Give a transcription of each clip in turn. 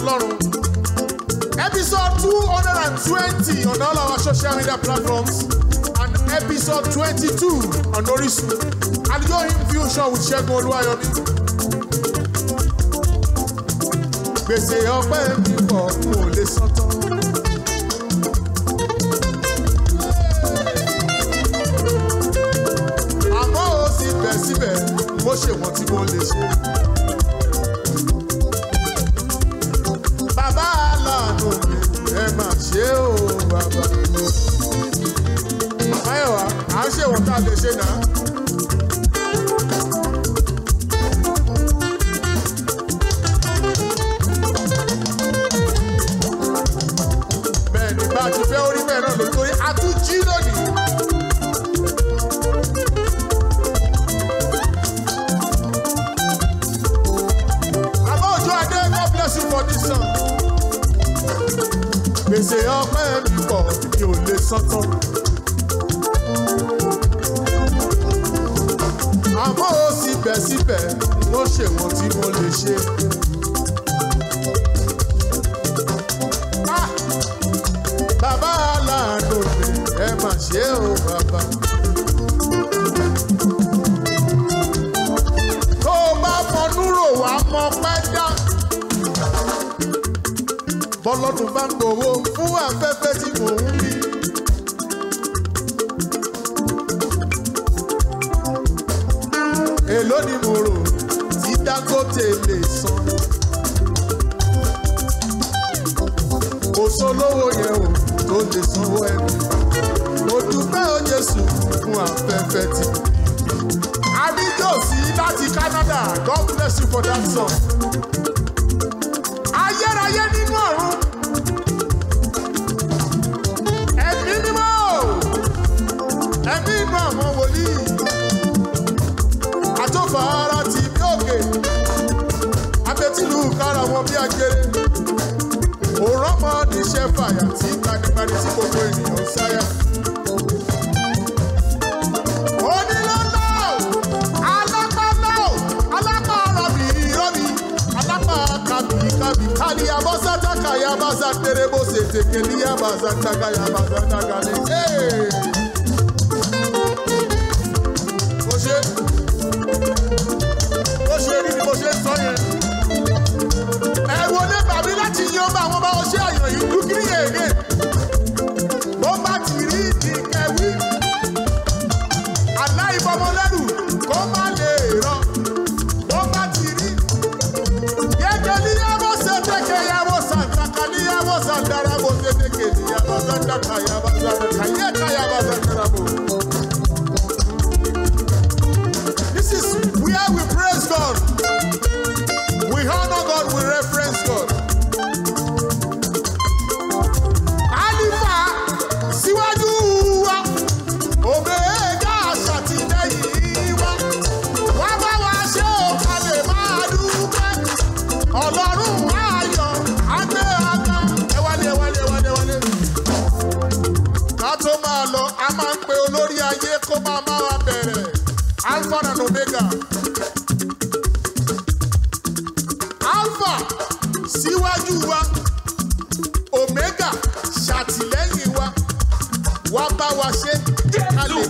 ọlọ́run episode two hundred and twenty on all our social media platforms and episode twenty-two on Orisun àlùjọ in future with Ṣẹ́gun Olúwayọ̀mí. gbèsè ọpẹ́ mi pọ̀ n ò lè san tán. àmọ́ ó sì bẹ̀ síbẹ̀ mo ṣèwọ̀n tí mo lè ṣe. wọn tá a lè ṣe náà. bẹ́ẹ̀ ni bá a ti fẹ́ orí bẹ́ẹ̀ náà lórí torí a gbèsè ọpẹ́ mi pọ̀ mi ò lè sọ́tọ̀. ṣèwọ̀n tí mo lè ṣe. Ah! bàbá aláàánú mi ẹ mà ṣe o bàbá. tó o bá fọnú rò wá mọ pẹ́ dá. bọ́lọ́dún bá ń gbowó fún afẹ́fẹ́ tí mò ń bí. ṣe lè san. kò sólówó yẹn o tó lè sanwó ẹni. mo dúpẹ́ o Jésù fún afẹ́fẹ́ tí. adijọ́ sí láti Canada God bless you for that song. àgbèrè òrán mọ́ níṣẹ́ fàyà tí gbanigbani tí gbogbo ènìyàn sáyà. Yabasa terebo se tekeli yabasa taga yabasa taga ne. Hey!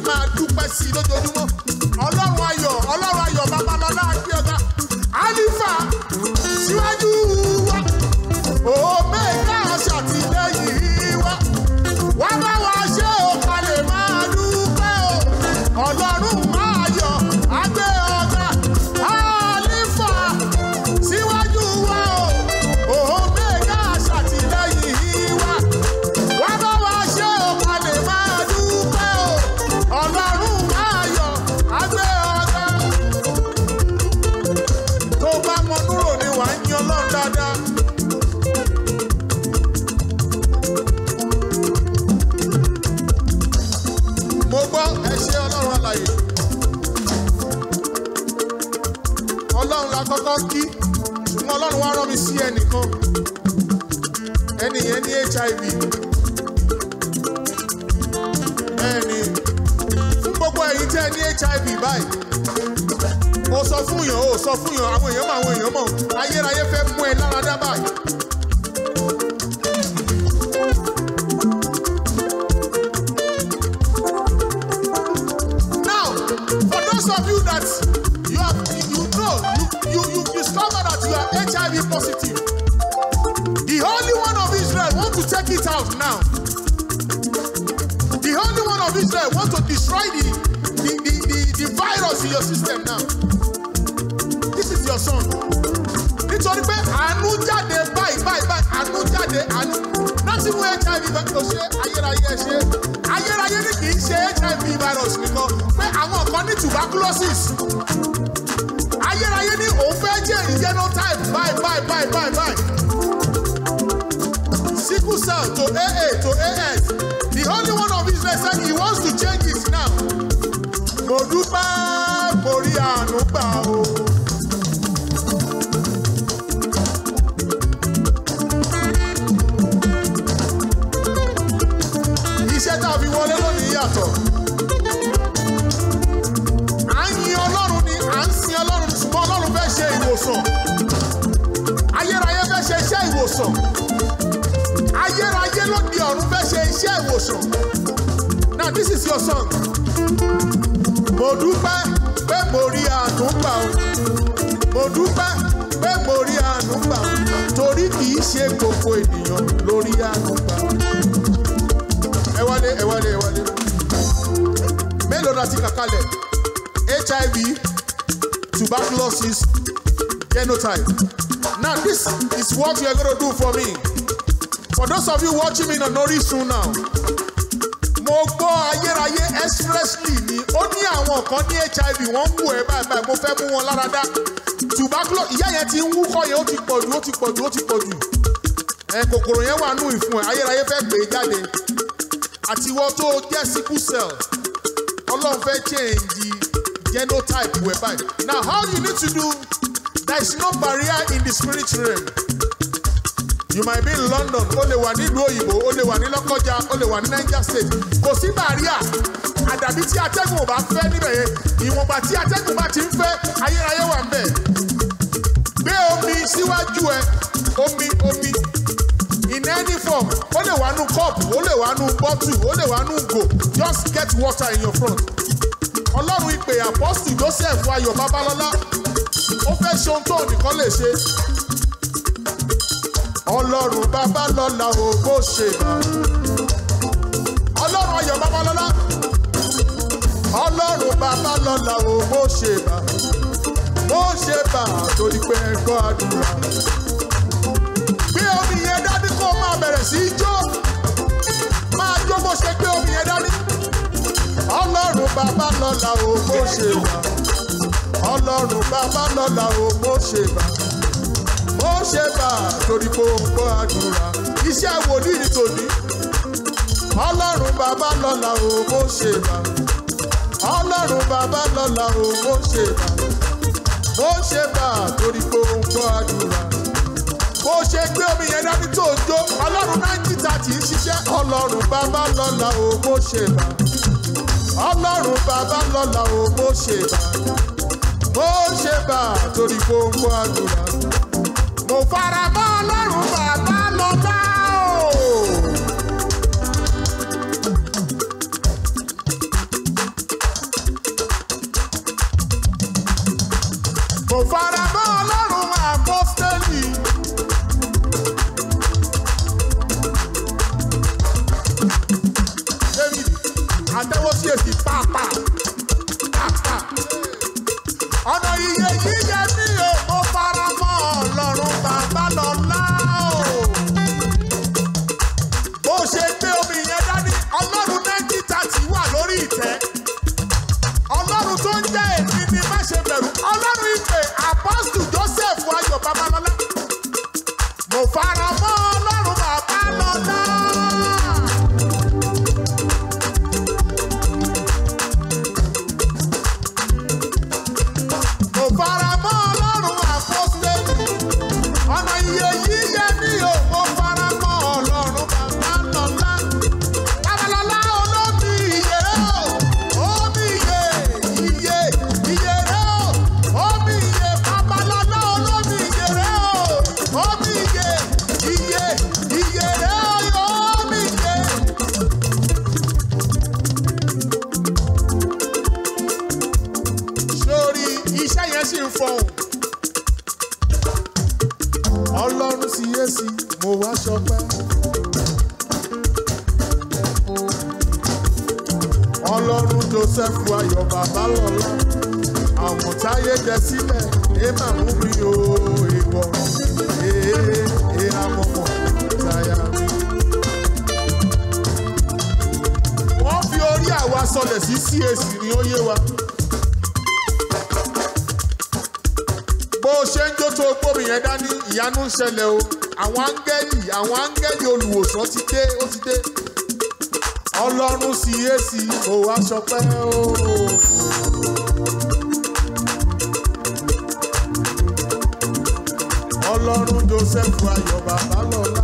máa dúpẹ́ sí i lójoojúmọ́. hiv bẹ́ẹ̀ni fún gbogbo ẹ̀yin tẹ́ ní hiv báyìí mo sọ fún yàn ó sọ fún yàn àwọn èèyàn mọ àwọn èèyàn mọ ayérayé fẹ́ mú ẹ lára dá báyìí. This is your system now this is your son nítorí pé àánú jáde báyìí báyìí báyìí àánú jáde àánú láti mú hiv bá tó ṣe ayérayé ẹ ṣe ayérayé ni kì í ṣe hiv virus nìkan pé àwọn kan ní tuberculosis ayérayé ni òun fẹ́ jẹ́ genotype báyìí báyìí báyìí báyìí sickle cell to aa to aa dúpẹ́ pé mo rí àtúngbà o mo dúpẹ́ pé mo rí àtúngbà o torí kì í ṣe gbogbo ènìyàn lórí àtúngbà o. ẹ wálé ẹ wálé ẹ wálé mélòó la ti kàkálẹ̀ hiv tuberculosis genotype now this is what you are gonna do for me for those of you watching me na Orisun now mo gbọ́ ayérayé expressly ni ó ní àwọn kan ní hiv wọ́n ń wù ẹ́ báyìí mo fẹ́ mú wọn lára dá ìyá yẹn ti ń wúkọ́ yẹn ó ti pọ̀jù ó ti pọ̀jù ó ti pọ̀jù ẹ kòkòrò yẹn wà nù ìfun ẹ ayérayé fẹ́ gbé jáde àtiwọ́ tó jẹ́ sickle cell ọlọ́run fẹ́ change genotype wẹ̀ báyìí now how you need to do there is no barrier in the spirit realm you might be in London o lè wà nílùú òyìnbó o lè wà ní Lọ́kọ́jà o lè wà ní Niger State kò sí bàríà àdàbí tí atẹ́gùn ò bá fẹ́ níbẹ̀ yẹn ìwọ̀nba tí atẹ́gùn bá ti ń fẹ́ ayérayé wà ń bẹ̀ gbé omi síwájú ẹ omi omi in any form ó lè wà nù cup ó lè wà nù bottle ó lè wà nù go just get water in your front ọlọ́run ìpè apọ́sù Joseph Ayọ̀ Babalọ́lá ó fẹ́ ṣe ohun tó nìkan lè ṣe ọlọ́run babalọ́lá ò bó ṣe bá ọlọ́run ayọ̀ babalọ́lá ọlọ́run babalọ́lá ò bó ṣe bá bó ṣe bá torí pé ẹ̀kọ́ àdúrà gbé omi yẹn dání kó máa bẹ̀rẹ̀ sí í jó máa jó bó ṣe gbé omi yẹn dání ọlọ́run babalọ́lá ò ṣe bá ọlọ́run babalọ́lá ò ṣe bá ó ṣe bá torí kò gbọ́ àdúrà iṣẹ́ wòlíì ní tòní ọlọ́run bàbá lọ́la o ó ṣe bá ọlọ́run bàbá lọ́la o ó ṣe bá ó ṣe bá torí kò gbọ́ àdúrà bó ṣe gbé omi yẹn dání tó jó ọlọ́run náírà tàtí ṣiṣẹ́ ọlọ́run bàbá lọ́la o ó ṣe bá ọlọ́run bàbá lọ́la o ó ṣe bá ó ṣe bá torí kò àdúrà mo fara mọ́ ọlọ́run bàbá lọ bá o. mo fara mọ́ ọlọ́run àpọ́stẹ́lì. àtẹ́wọ́ sí sọlẹ̀ sí CAC ni ó yé wa. bó o ṣe ń jó tó yẹn dání ìyanu ń ṣẹlẹ̀ o àwọn áńgẹ́lì àwọn áńgẹ́lì olùwòsàn ti dé ó ti dé ọlọ́run CAC kò wá sọpẹ́ o. ọlọ́run Joseph ayọ̀ bàbá lọ́la.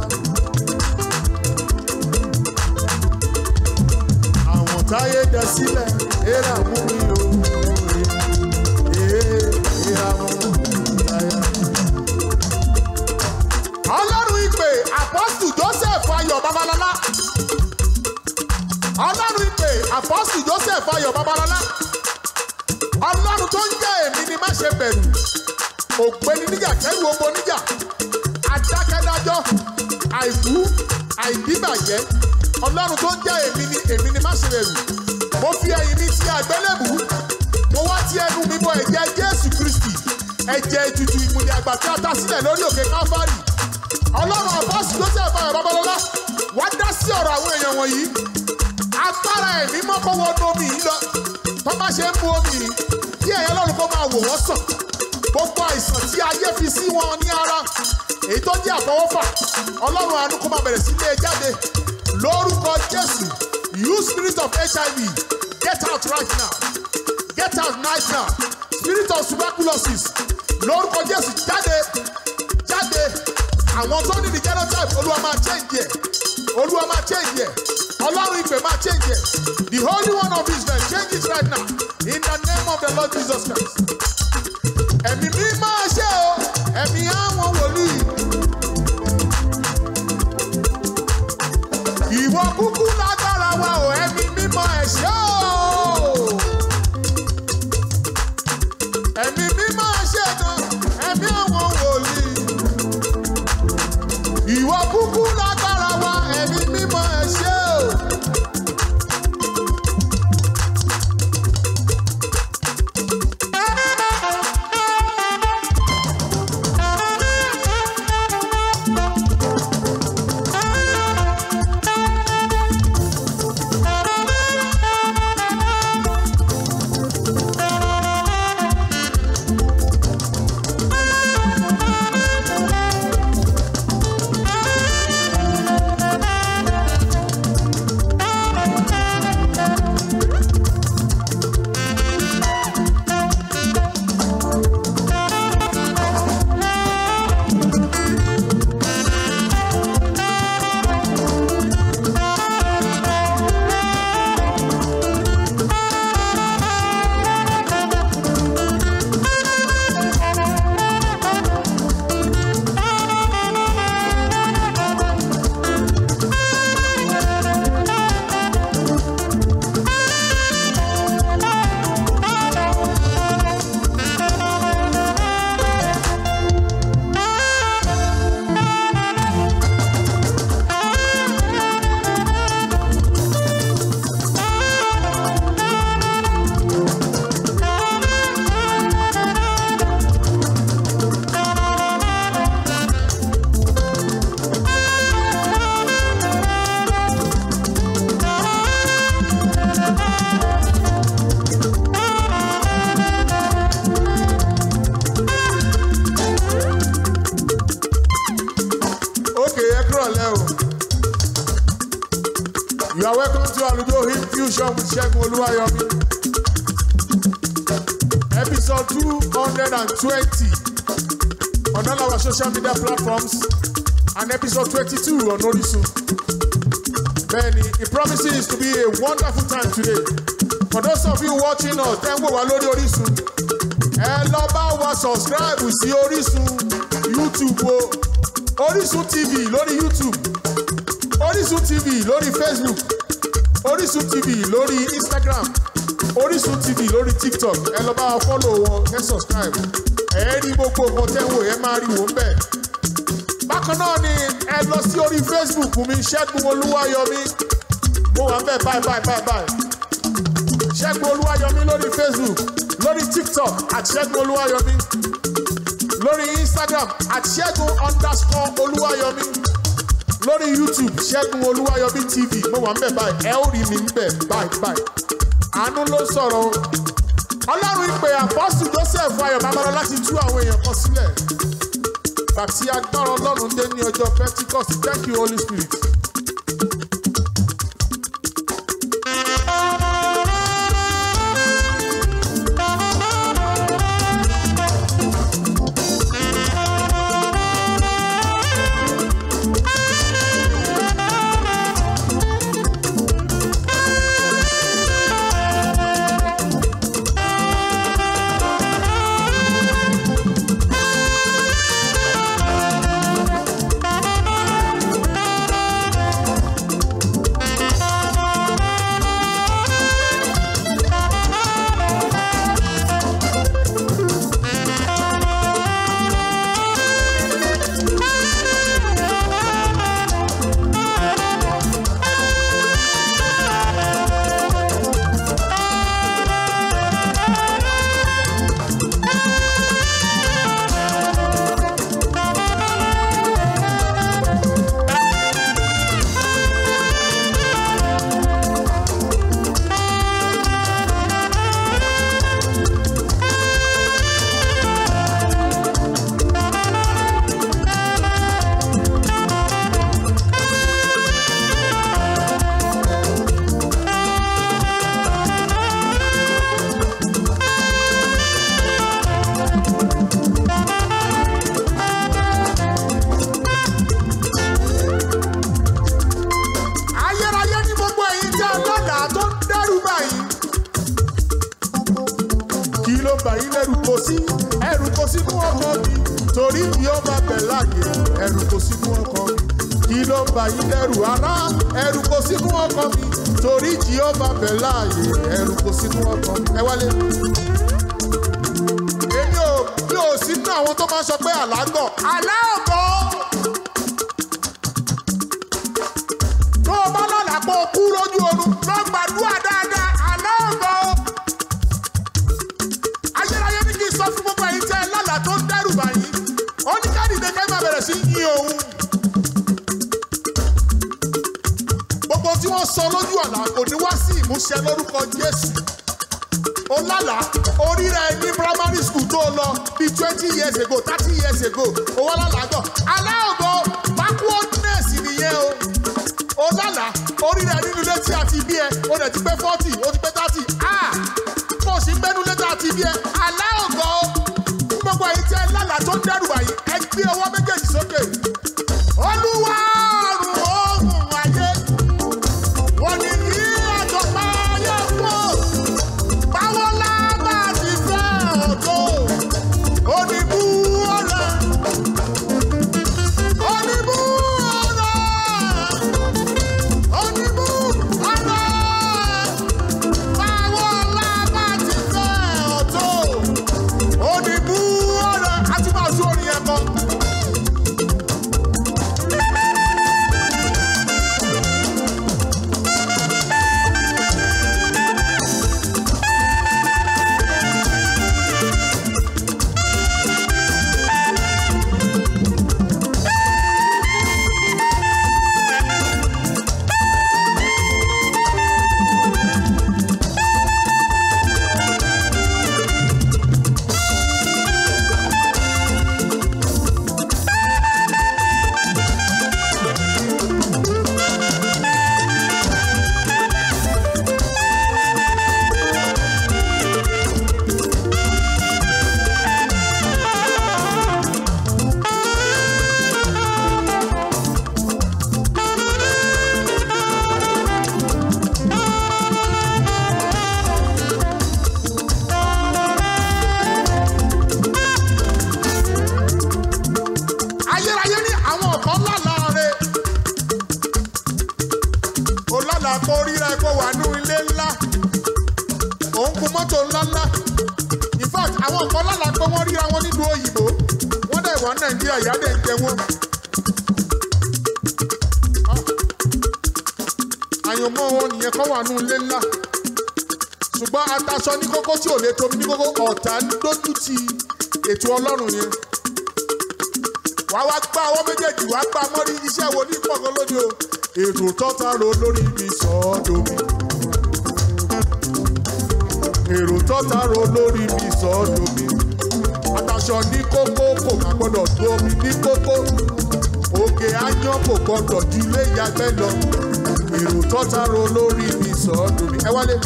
sáyé jẹ sílẹ̀ èrà mú mi o. ọlọ́run ìpè àpọ́sù Joseph Ayọ̀ Babalọ́lá ọlọ́run ìpè àpọ́sù Joseph Ayọ̀ Babalọ́lá ọlọ́run tó ń jẹ́ èmi ni má ṣe bẹ̀rù ògbéni níjà kẹ́rù ogbó níjà adákẹ́dájọ́ àìkú àìdíbàjẹ́ ọlọ́run tó ń jẹ́ èmi ni èmi ni má ṣe bẹ̀rù mo fi ẹ̀yìn mi ti àgbélébù mo wá ti ẹnu mi bọ ẹ̀jẹ̀ jésù kristi ẹ̀jẹ̀ ètùtù ìmùlẹ̀ àgbà tí a ta sílẹ̀ lórí òkè káfárì ọlọ́run àbọ̀sì joseph ayọ̀ babalọ́lá wá dá sí ọ̀rọ̀ àwọn èèyàn wọ̀nyí agbára ẹ̀mí mọ́ kó wọnú omi yìí lọ tó bá ṣe ń mu omi yìí kí ẹ̀yẹ lọ́run kó máa wò wọ́n sàn gbogbo àìsàn tí ayé fi sí wọn ní ara èyí tó jẹ́ àfọwọ́fà ọlọ́run àánú kó máa bẹ̀rẹ̀ sí ilé jáde lórúkọ jésù you spirit of hiv get out right now get out right now spirit of tuberculosis lórúkọ jésù jáde jáde àwọn tó ní the genotype olúwa máa change ẹ olúwa máa change ẹ ọlọ́run ìpè máa change ẹ the holy one of israel changes right now in the name of the lord jesus christ ẹ̀mí mi máa ṣe o ẹ̀mí àwọn a wonderful time today. For those of you watching us, ẹ ń wò wá lórí Orísun. Ẹ lọ bá wa subscribe sí Orísun YouTube o. Orísun TV lórí YouTube. Orísun TV lórí Facebook. Orísun TV lórí Instagram. Orísun TV lórí TikTok. Ẹ lọ bá wa follow wọn, ẹ subscribe. Ẹ rí gbogbo nǹkan tẹ́ ń wò, ẹ máa rí wò ń Bákan náà ni ẹ lọ sí orí Facebook mi Ṣẹ́gun Olúwayọ̀mí mo wà bẹ́ẹ̀ báyìí báyìí báyìí báyìí ṣẹ́gun olúwayọmí lórí facebook lórí tiktok àti ṣẹ́gun olúwayọmí lórí instagram àti ṣẹ́gun underscore olúwayọmí lórí youtube ṣẹ́gun olúwayọmí tv mo wà ń bẹ̀ báyìí ẹ ó rí mi ń bẹ̀ báyìí báyìí àánú ló sọ̀rọ̀ o ọlọ́run ìpè àpọ́sù joseph ayọ̀ babalọ láti tú àwọn èèyàn kan sílẹ̀ bàtí agbára ọlọ́run dé ní ọjọ́ pentikọ́sì thank you holy spirit. bíi twenty years ago thirty years ago owó lálàgbọ̀ alẹ́ ògo backwardness nìyẹn o ó lálàá orí rẹ̀ nínú ilé tí a ti bí ẹ ó rẹ̀ ti pé forty wà nù ilé ńlá ṣùgbọ́n ataṣọ ní kókó tí ò lè tóbi ní kókó ọ̀tá lójú ti ètò ọlọ́run yẹn wàá wá gbá ọwọ́ méjèèjì wàá gbá mọ́rí iṣẹ́ wo ní pọ̀gán lóde o èrò tọ́ta ro lórí mi sọ ọ́ domi èrò tọ́ta ro lórí mi sọ ọ́ domi ataṣọ ní kókó kò má gbọ́dọ̀ domi ní kókó òkè áyán kò gbọ́dọ̀ ju ilé ìyàgbẹ́ lọ èrò tọ́ta ro lórí mi sọ́dọ̀ mi ẹ wálé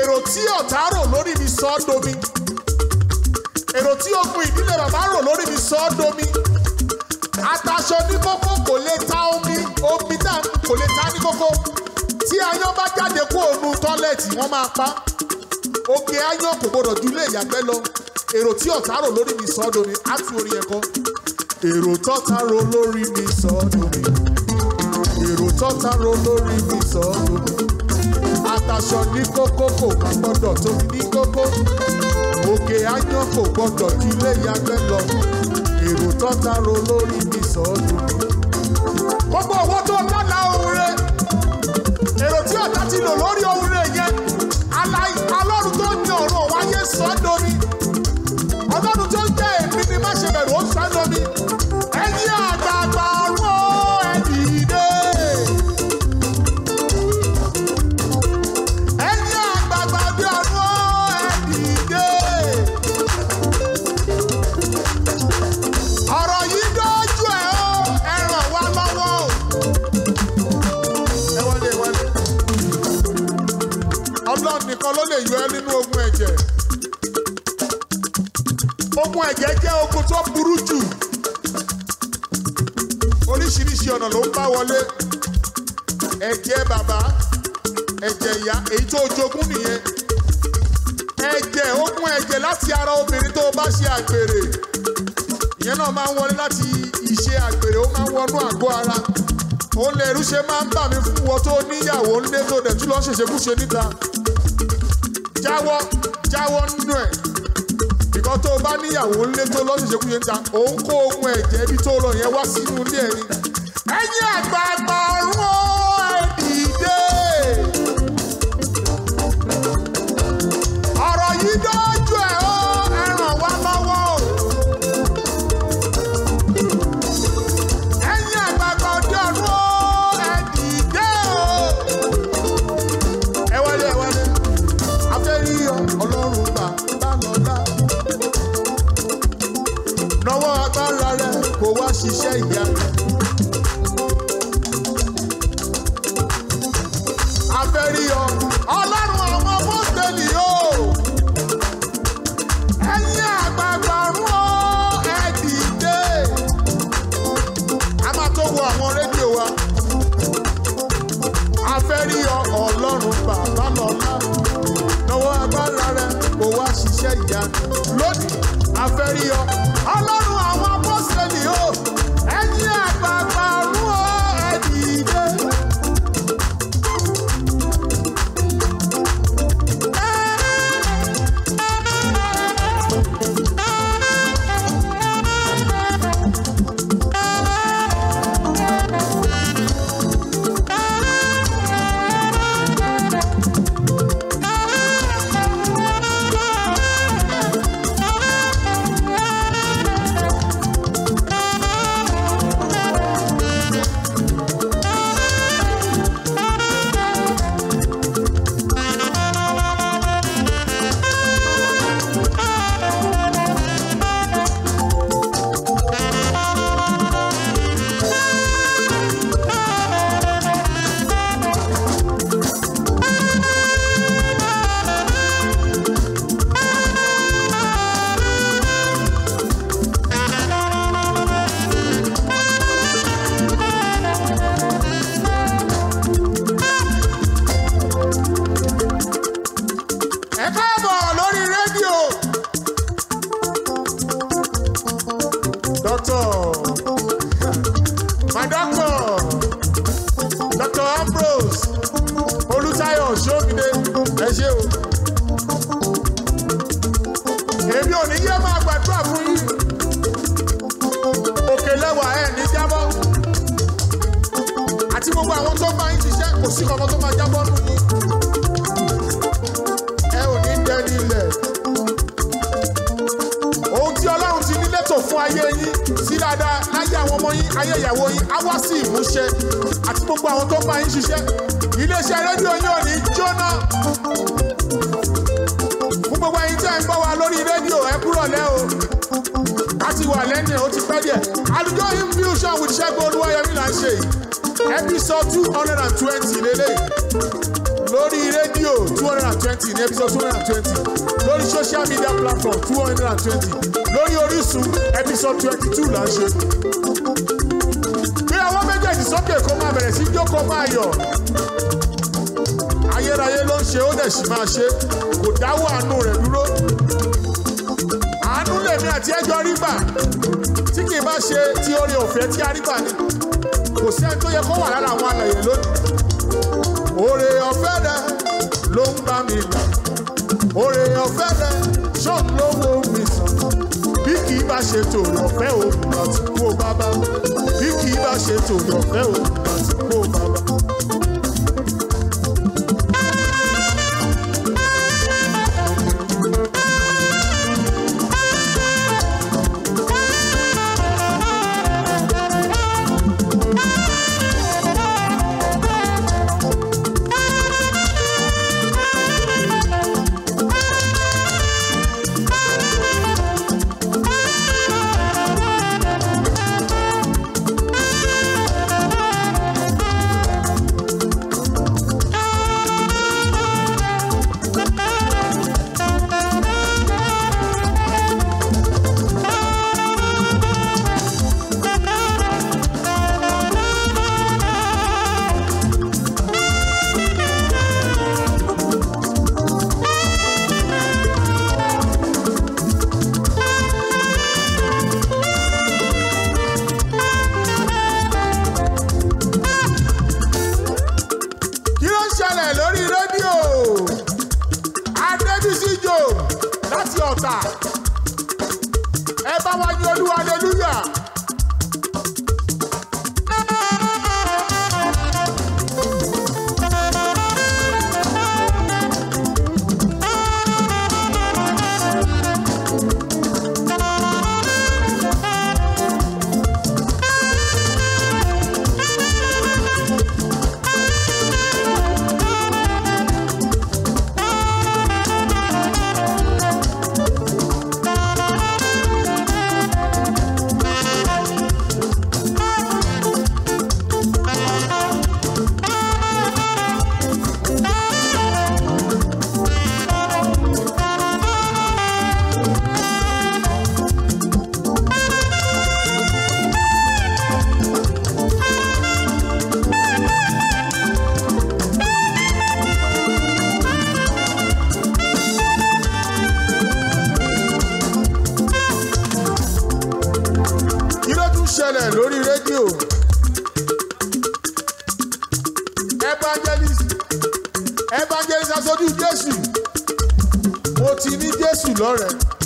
èrò tí ọ̀tá rò lórí mi sọ́dọ̀ mi èrò tí ogun ìdílé bàbá rò lórí mi sọ́dọ̀ mi ataṣọ ní kókó kò lè ta omi omi náà kò lè ta ní kókó tí ayán bá jáde kó ònu tọ́lẹ̀tì wọ́n máa pa òkè ayán kò gbọdọ̀ ju ilé ìyàgbẹ́ lọ èrò tí ọ̀tá rò lórí mi sọ́dọ̀ mi á tu orin ẹ̀kọ́ èrò tọ́ta rò lórí mi sọ́dọ̀ mi èrò tọ́ta ro lórí mi sọ́ọ́dọ̀ àtàṣọ ní kókó kò má gbọ́dọ̀ tóbi ní kókó òkè áyán kò gbọ́dọ̀ ju ilé ìyàgbẹ́ lọ èrò tọ́ta ro lórí mi sọ́ọ́dọ̀ gbogbo owó tó ń dá la òun rẹ èrò tí ọ̀tá ti lò lọ́wọ́. ẹranko tó burú jù oríṣiríṣi ọ̀nà ló ń bá wọlé ẹ̀jẹ̀ bàbá ẹ̀jẹ̀ ìyá èyí tó jogún nìyẹn ẹ̀jẹ̀ ogún ẹ̀jẹ̀ láti ara obìnrin tó bá ṣe àgbèrè ìyẹn náà máa ń wọlé láti ìṣe àgbèrè ó máa ń wọnú àgọ́ ara ó lè rú máa ń bà mí fún wọn tó níyàwó ńlé tó dẹ̀ tún lọ́ ṣèṣekúṣe níta jáwọ́ jáwọ́ nínú ẹ̀ ìwọ tó o bá níyàwó ńlé tó lọ́sẹ̀ṣẹ̀ kúyẹ̀ òun kó ohun ẹ̀jẹ̀ ibi tó lọ yẹn wá sínú ilé ẹni. ẹ̀yin àgbà afẹ́rí ọ. lórí rédíò two hundred and twenty ní episode two hundred and twenty lórí social media platform two hundred and twenty lórí Orísun episode twenty two là ń ṣe. gbé ọwọ́ méjèèjì sókè kó máa bẹ̀rẹ̀ sí jókòó máa yọ̀ ayérayé ló ń ṣe ó dẹ̀ sì máa ṣe kò dáwọ́ àánú rẹ̀ dúró àánú lèmi àti ẹjọ́ rí gbà tí kì í bá ṣe ti oore ọ̀fẹ́ tí a rí gbà ni kò sẹ́ni tó yẹ kó wà lára àwọn alàyè lónìí. Ore ọ̀fẹ́ rẹ ló ń bá mi lọ Ore ọ̀fẹ́ rẹ ṣọ́ọ̀n ló wo mi sàn bí kì í bá ṣe tòrò ọ̀fẹ́ òun àti kó bàbá bí kì í bá ṣe tòrò ọ̀fẹ́ òun àti kó bàbá. lọ́rẹ̀ẹ́.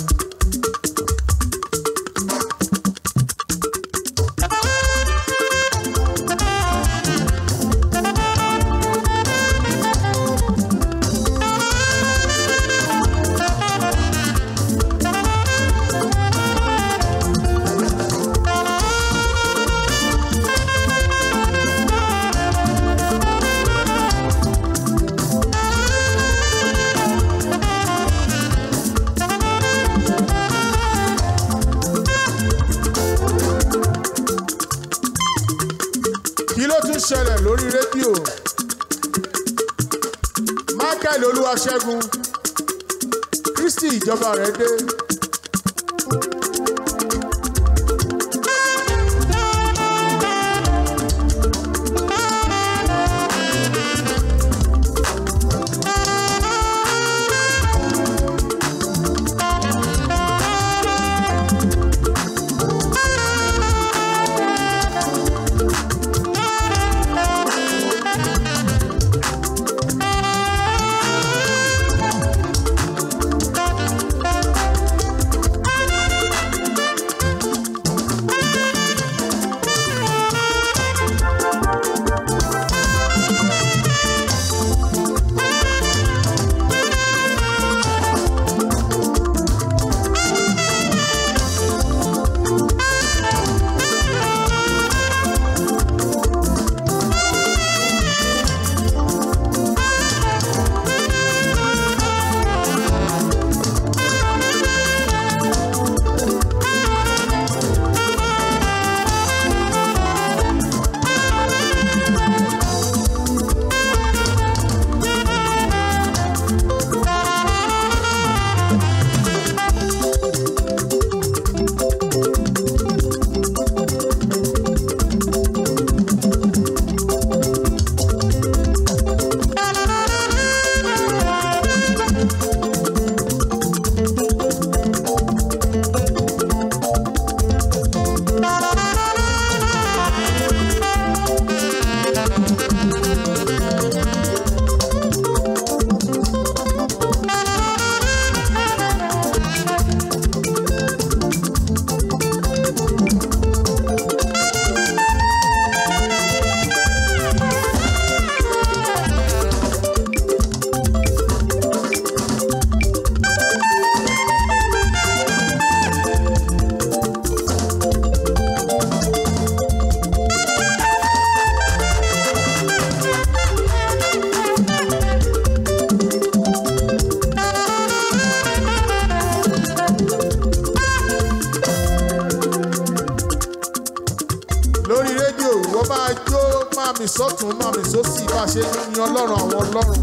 mi sọ́tún má mi sósì bá ṣe ń yan ọlọ́run àwọn ọlọ́run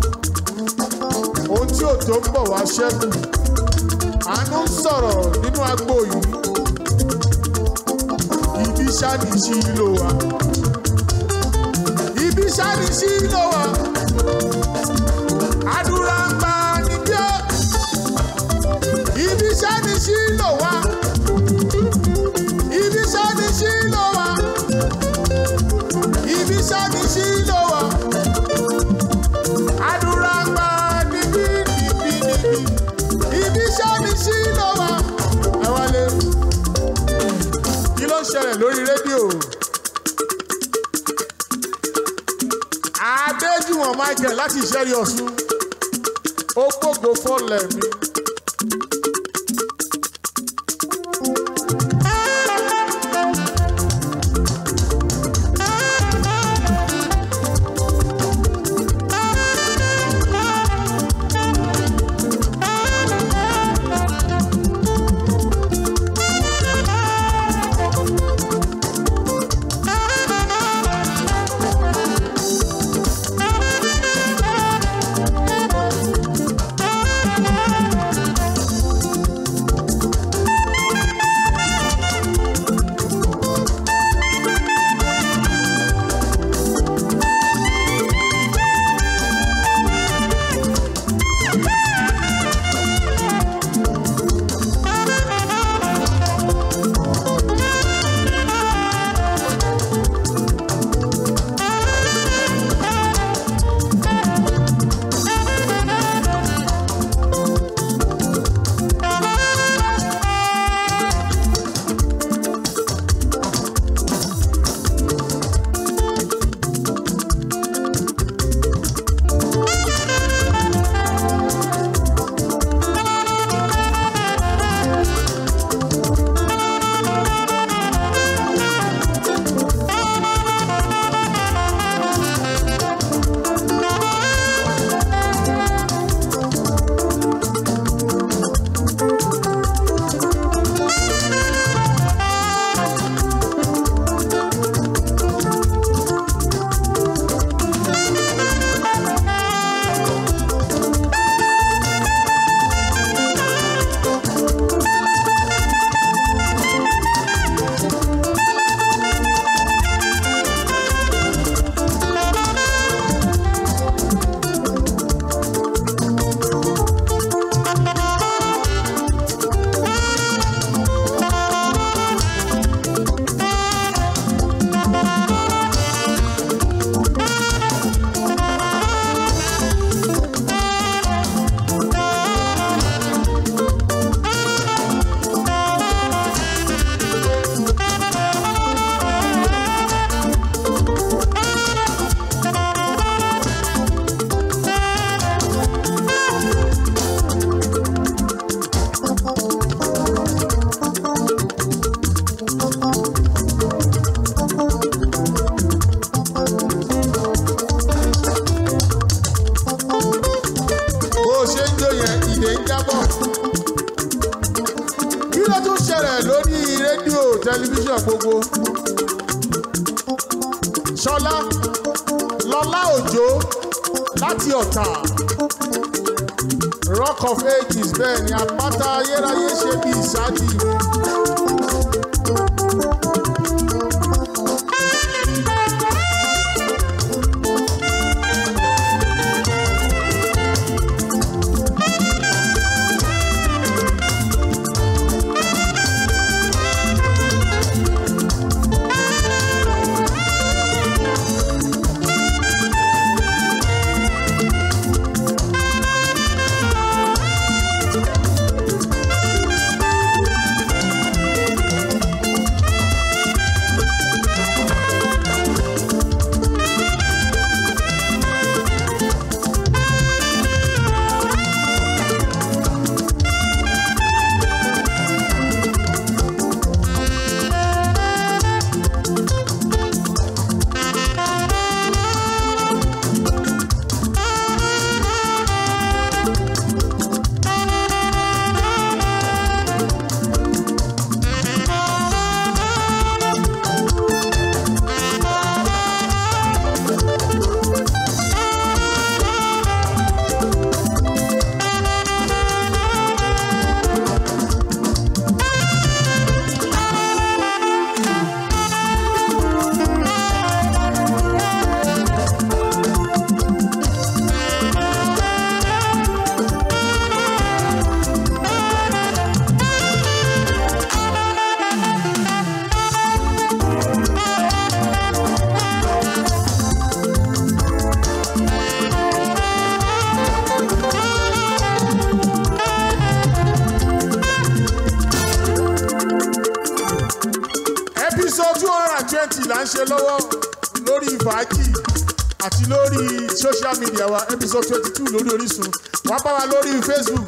ohun tí òjò ń bọ̀ wá ṣẹ́gun àánú ń sọ̀rọ̀ nínú agbo yìí ibi ṣáà ní ṣí ló wà ibi ṣáà ní ṣí ló wà. ẹ̀kẹ́ láti ìṣẹ́rí ọ̀ṣun ó gbógo fọ́lẹ̀ mi.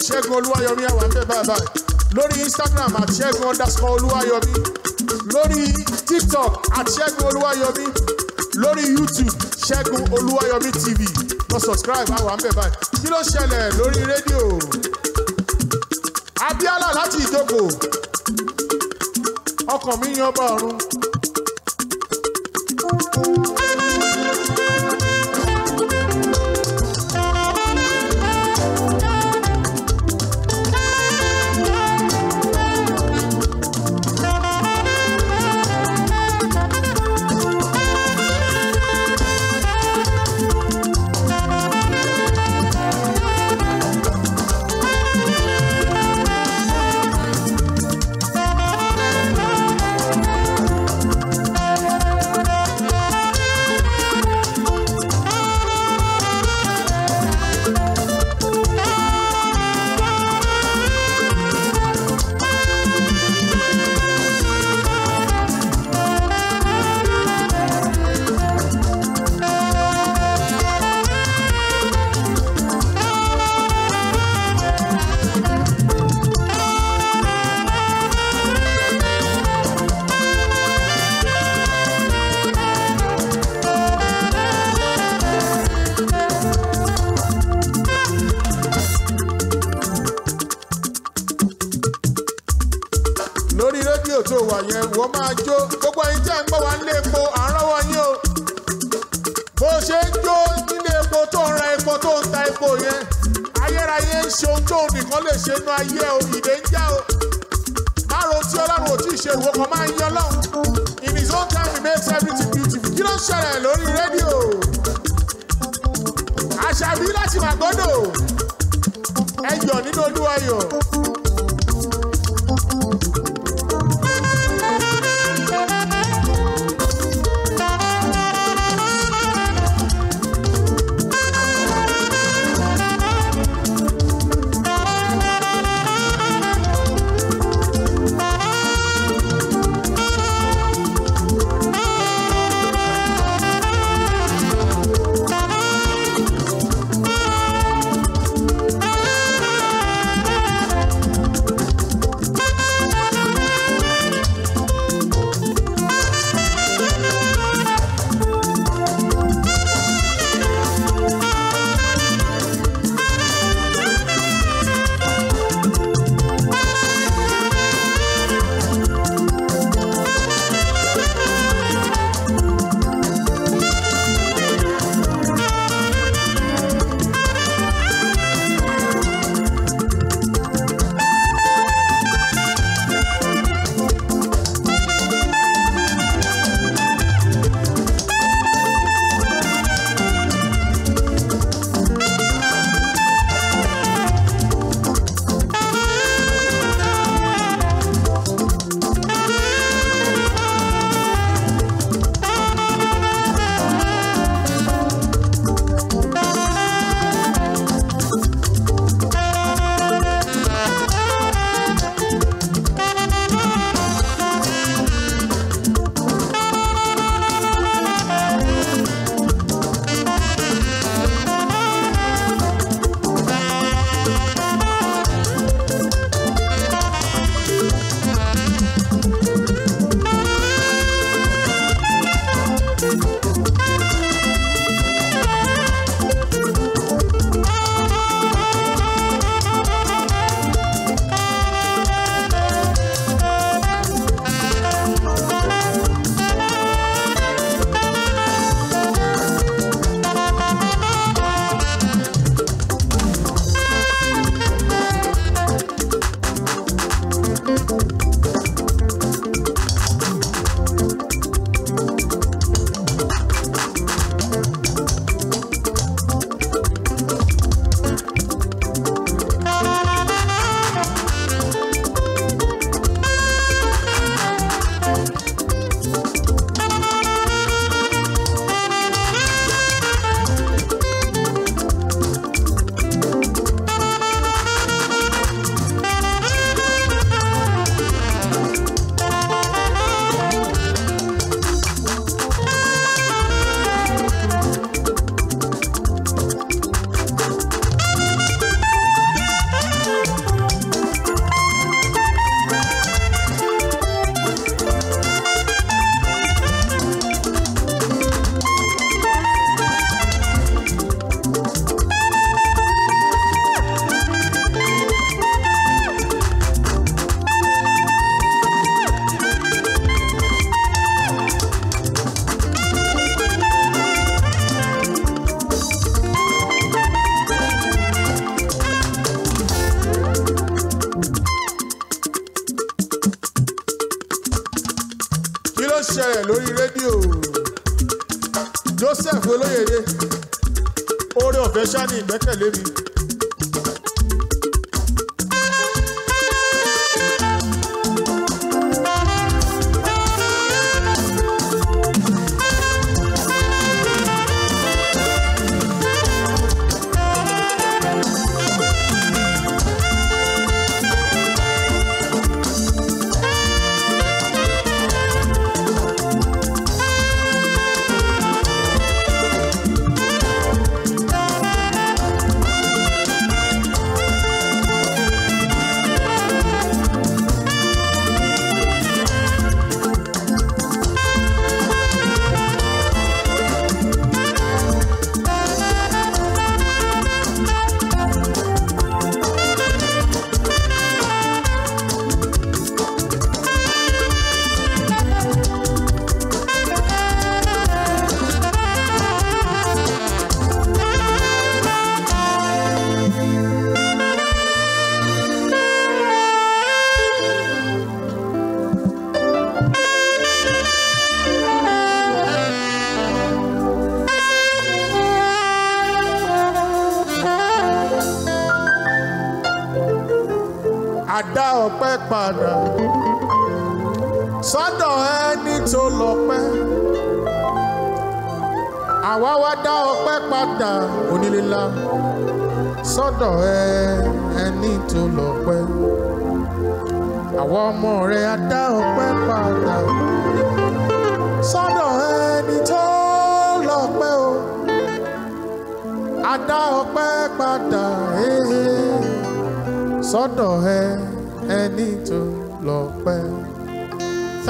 ṣẹ́gun olúwayọ̀mí àwọn àbẹ̀ bàbá lórí instagram àti ṣẹ́gun underscore olúwayọ̀mí lórí tiktok àti ṣẹ́gun olúwayọ̀mí lórí youtube ṣẹ́gun olúwayọ̀mí tv lọ subscribe àwọn àbẹ̀ bàbá kí ló ṣẹlẹ̀ lórí rédíò abíálà láti ìdógò ọkàn mi yan ọba ọ̀run. yẹn ayérayé ń ṣe ohun tóun nìkan lè ṣe inú ayé o ìdè ń já o má ro tí ọlọ́run ò tí ì ṣe ìwọ kan máa ń yọ lọ́hùn in his own time he makes everything beautiful kí ló ń ṣẹlẹ̀ lórí rédíò àṣàbí láti màgọ́dọ̀ ẹ̀yọ̀ nínú olúwa yọ̀.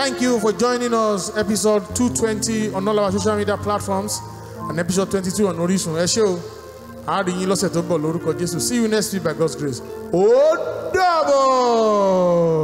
Thank you for joining us, episode 220 on all our social media platforms and episode 22 on Orisun. Ẹ ṣé o, a rí yín lọ́sẹ̀ tó ń bọ̀ lórúkọ Jésù. See you next week by God's grace. Ó dàbọ̀.